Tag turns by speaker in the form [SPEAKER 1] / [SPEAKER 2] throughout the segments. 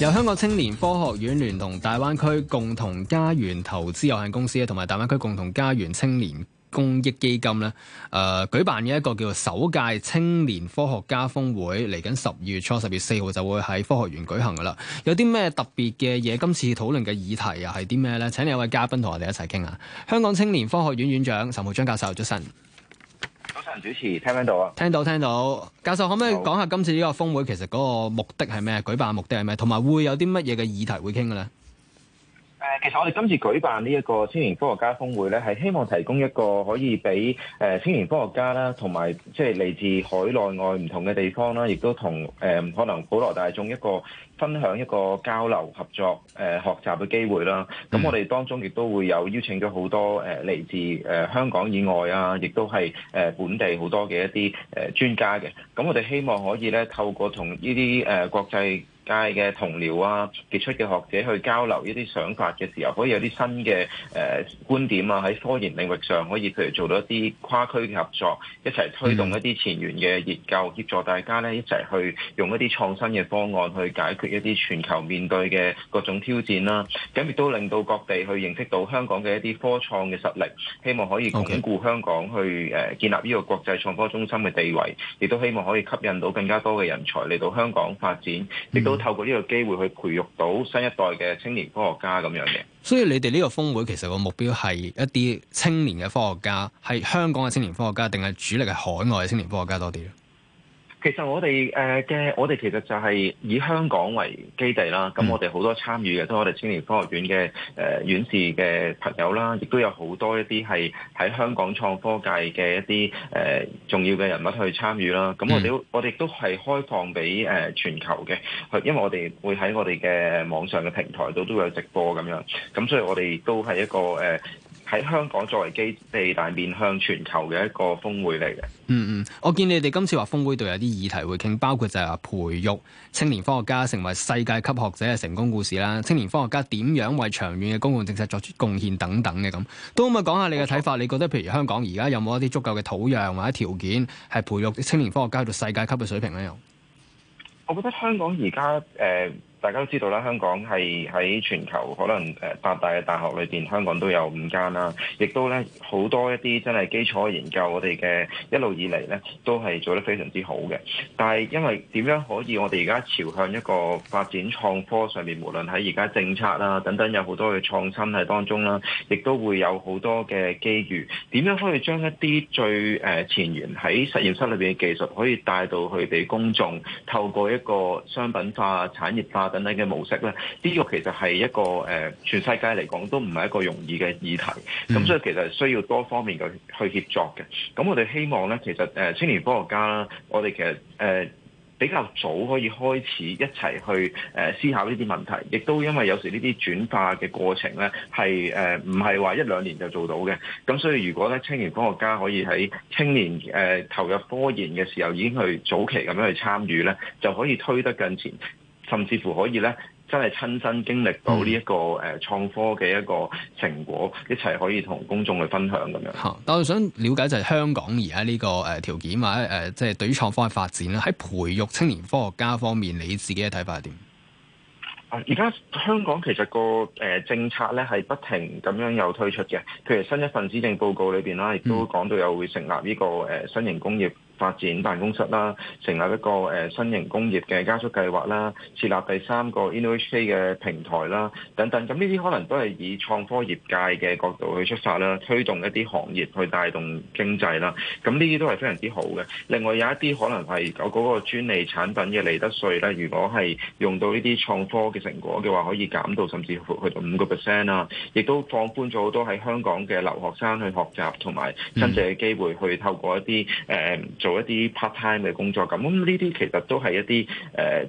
[SPEAKER 1] 由香港青年科學院聯同大灣區共同家園投資有限公司同埋大灣區共同家園青年公益基金咧，誒、呃、舉辦嘅一個叫首屆青年科學家峰會，嚟緊十二月初十二月四號就會喺科學園舉行噶啦。有啲咩特別嘅嘢？今次討論嘅議題又係啲咩咧？請有位嘉賓同我哋一齊傾下。香港青年科學院院，院長岑浩璋教授，早晨。主持，聽唔聽到啊？聽到聽到，教授可唔可以講下今次呢個峰會其實嗰個目的係咩？舉辦目的係咩？同埋會有啲乜嘢嘅議題會傾嘅咧？
[SPEAKER 2] 誒，其實我哋今次舉辦呢一個青年科學家峰會咧，係希望提供一個可以俾誒青年科學家啦，同埋即係嚟自海內外唔同嘅地方啦，亦都同誒可能普羅大眾一個分享一個交流合作、誒學習嘅機會啦。咁我哋當中亦都會有邀請咗好多誒嚟自誒香港以外啊，亦都係誒本地好多嘅一啲誒專家嘅。咁我哋希望可以咧透過同呢啲誒國際界嘅同僚啊，傑出嘅學者去交流一啲想法嘅時候，可以有啲新嘅誒、呃、觀點啊，喺科研領域上可以譬如做到一啲跨區嘅合作，一齊推動一啲前沿嘅研究，協助大家咧一齊去用一啲創新嘅方案去解決一啲全球面對嘅各種挑戰啦。咁、啊、亦都令到各地去認識到香港嘅一啲科創嘅實力，希望可以鞏固香港去誒、呃、建立呢個國際創科中心嘅地位，亦都希望可以吸引到更加多嘅人才嚟到香港發展，亦都。透
[SPEAKER 1] 過呢個機會去培育到新一代嘅青年科學家咁樣嘅。所以你哋呢個峰會其實個目標係一啲青年嘅科學家，係香港嘅青年科學家，定係主力係海外嘅青年科學家多啲？
[SPEAKER 2] 其實我哋誒嘅，我哋其實就係以香港為基地啦。咁我哋好多參與嘅都係我哋青年科學院嘅誒、呃、院士嘅朋友啦，亦都有好多一啲係喺香港創科界嘅一啲誒、呃、重要嘅人物去參與啦。咁我哋、嗯、我哋都係開放俾誒、呃、全球嘅，因為我哋會喺我哋嘅網上嘅平台度都有直播咁樣。咁所以我哋都係一個誒、呃喺香港作為基地，但面向全球嘅一個峰會嚟嘅。
[SPEAKER 1] 嗯嗯，我見你哋今次話峰會度有啲議題會傾，包括就係話培育青年科學家成為世界級學者嘅成功故事啦，青年科學家點樣為長遠嘅公共政策作出貢獻等等嘅，咁都可唔可以講下你嘅睇法？冇錯。你覺得譬如香港而家有冇一啲足夠嘅土壤或者條件，係培育青年科學家去到世界級嘅水平呢？又，
[SPEAKER 2] 我覺得香港而家誒。呃大家都知道啦，香港係喺全球可能誒、呃、八大嘅大學裏邊，香港都有五間啦，亦都咧好多一啲真係基礎研究，我哋嘅一路以嚟咧都係做得非常之好嘅。但係因為點樣可以我哋而家朝向一個發展創科上面，無論喺而家政策啦等等，有好多嘅創新喺當中啦，亦都會有好多嘅機遇。點樣可以將一啲最誒前沿喺實驗室裏邊嘅技術，可以帶到去俾公眾，透過一個商品化、產業化。等等嘅模式咧，呢、這個其實係一個誒、呃、全世界嚟講都唔係一個容易嘅議題，咁所以其實需要多方面嘅去協作嘅。咁我哋希望咧，其實誒、呃、青年科學家啦，我哋其實誒、呃、比較早可以開始一齊去誒、呃、思考呢啲問題，亦都因為有時呢啲轉化嘅過程咧，係誒唔係話一兩年就做到嘅。咁所以如果咧青年科學家可以喺青年誒、呃、投入科研嘅時候已經去早期咁樣去參與咧，就可以推得更前。甚至乎可以咧，真係親身經歷到呢一個誒創科嘅一個成果，嗯、一齊可以同公眾去分享咁樣。
[SPEAKER 1] 但我想了解就係香港而家呢個誒條件或者，誒即係對於創科嘅發展啦，喺培育青年科學家方面，你自己嘅睇法係點？啊，
[SPEAKER 2] 而家香港其實個誒政策咧係不停咁樣有推出嘅，譬如新一份施政報告裏邊啦，亦都講到有會成立呢個誒新型工業發展辦公室啦，成立一個誒、呃、新型工業嘅加速計劃啦，設立第三個 InnoHK 嘅平台啦，等等。咁呢啲可能都係以創科業界嘅角度去出發啦，推動一啲行業去帶動經濟啦。咁呢啲都係非常之好嘅。另外有一啲可能係有嗰個專利產品嘅利得稅咧，如果係用到呢啲創科嘅成果嘅話，可以減到甚至乎去到五個 percent 啊。亦都放寬咗好多喺香港嘅留學生去學習同埋申請嘅機會，去透過一啲誒，呃做一啲 part-time 嘅工作，咁咁呢啲其實都係一啲誒，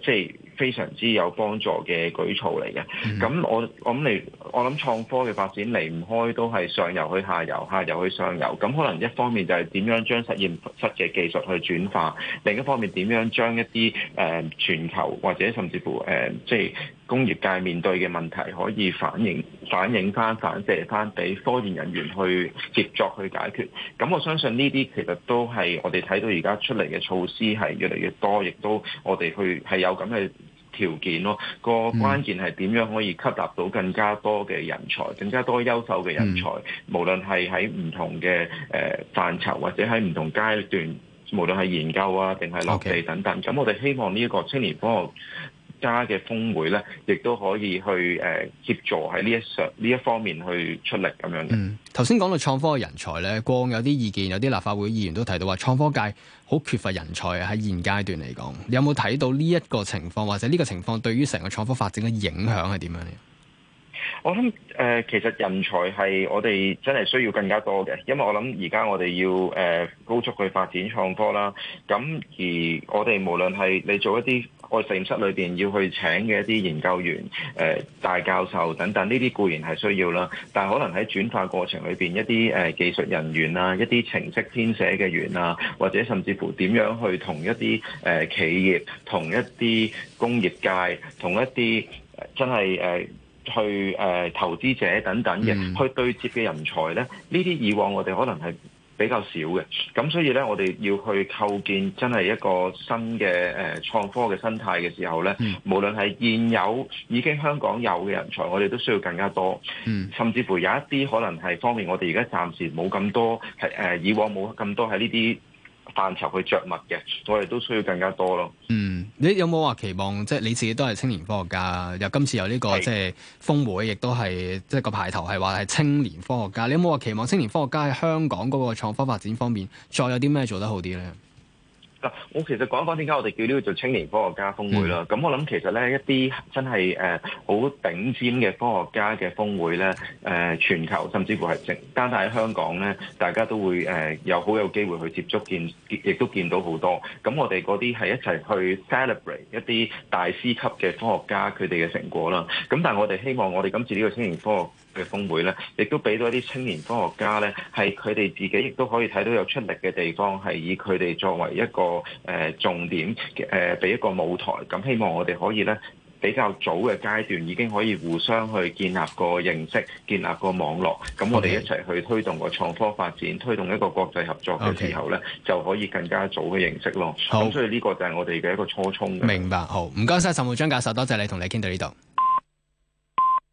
[SPEAKER 2] 即係非常之有幫助嘅舉措嚟嘅。咁我我諗嚟，我諗創科嘅發展離唔開都係上游去下游，下游去上游。咁可能一方面就係點樣將實驗室嘅技術去轉化，另一方面點樣將一啲誒、呃、全球或者甚至乎誒即係工業界面對嘅問題可以反映。反映翻、反射翻俾科研人員去協作去解決。咁我相信呢啲其實都係我哋睇到而家出嚟嘅措施係越嚟越多，亦都我哋去係有咁嘅條件咯。個關鍵係點樣可以吸納到更加多嘅人才，更加多優秀嘅人才，嗯、無論係喺唔同嘅誒、呃、範疇或者喺唔同階段，無論係研究啊定係落地等等。咁 Okay. 我哋希望呢一個青年科學家嘅峰會咧，亦都可以去誒協助喺呢一上呢一方面去出力咁樣嘅。
[SPEAKER 1] 頭先講到創科嘅人才咧，過往有啲意見，有啲立法會議員都提到話，創科界好缺乏人才喺現階段嚟講。有冇睇到呢一個情況，或者呢個情況對於成個創科發展嘅影響係點樣咧？
[SPEAKER 2] 我諗誒、呃，其實人才係我哋真係需要更加多嘅，因為我諗而家我哋要誒、呃、高速去發展創科啦。咁而我哋無論係你做一啲。我實驗室裏邊要去請嘅一啲研究員、誒、呃、大教授等等，呢啲固然係需要啦，但係可能喺轉化過程裏邊，一啲誒、呃、技術人員啊，一啲程式編寫嘅員啊，或者甚至乎點樣去同一啲誒、呃、企業、同一啲工業界、同一啲、呃、真係誒、呃、去誒、呃、投資者等等嘅去對接嘅人才咧，呢啲以往我哋可能係。比較少嘅，咁所以呢，我哋要去構建真係一個新嘅誒、呃、創科嘅生態嘅時候呢，嗯、無論係現有已經香港有嘅人才，我哋都需要更加多，嗯、甚至乎有一啲可能係方面，我哋而家暫時冇咁多，係、呃、以往冇咁多喺呢啲範疇去着墨嘅，我哋
[SPEAKER 1] 都需要更加多咯。嗯，你有冇話期望即係你自己都係青年科學家，又今次有呢、這個的即係峰會，亦都係即係個牌頭係話係青年科學家。你有冇話期望青年科學家喺香港嗰個創科發展方面再有啲咩做得好啲咧？
[SPEAKER 2] 我其實講一講點解我哋叫呢個做青年科學家峰會啦。咁、嗯、我諗其實咧一啲真係誒好頂尖嘅科學家嘅峰會咧，誒、uh, 全球甚至乎係淨單單喺香港咧，大家都會誒、uh, 有好有機會去接觸見，亦都見到好多。咁我哋嗰啲係一齊去 celebrate 一啲大師級嘅科學家佢哋嘅成果啦。咁但係我哋希望我哋今次呢個青年科學嘅峰會咧，亦都俾到一啲青年科學家咧，係佢哋自己亦都可以睇到有出力嘅地方，係以佢哋作為一個誒、呃、重點，誒、呃、俾一個舞台。咁、嗯、希望我哋可以咧比較早嘅階段已經可以互相去建立個認識，建立個網絡。咁、嗯、Okay. 我哋一齊去推動個創科發展，推動一個國際合作嘅時候咧，Okay. 就可以更加早嘅認識咯。好、嗯，所以呢個就係我哋嘅一個初衷。明
[SPEAKER 1] 白，好唔該晒。岑浩璋教授，多謝你同你傾到呢度。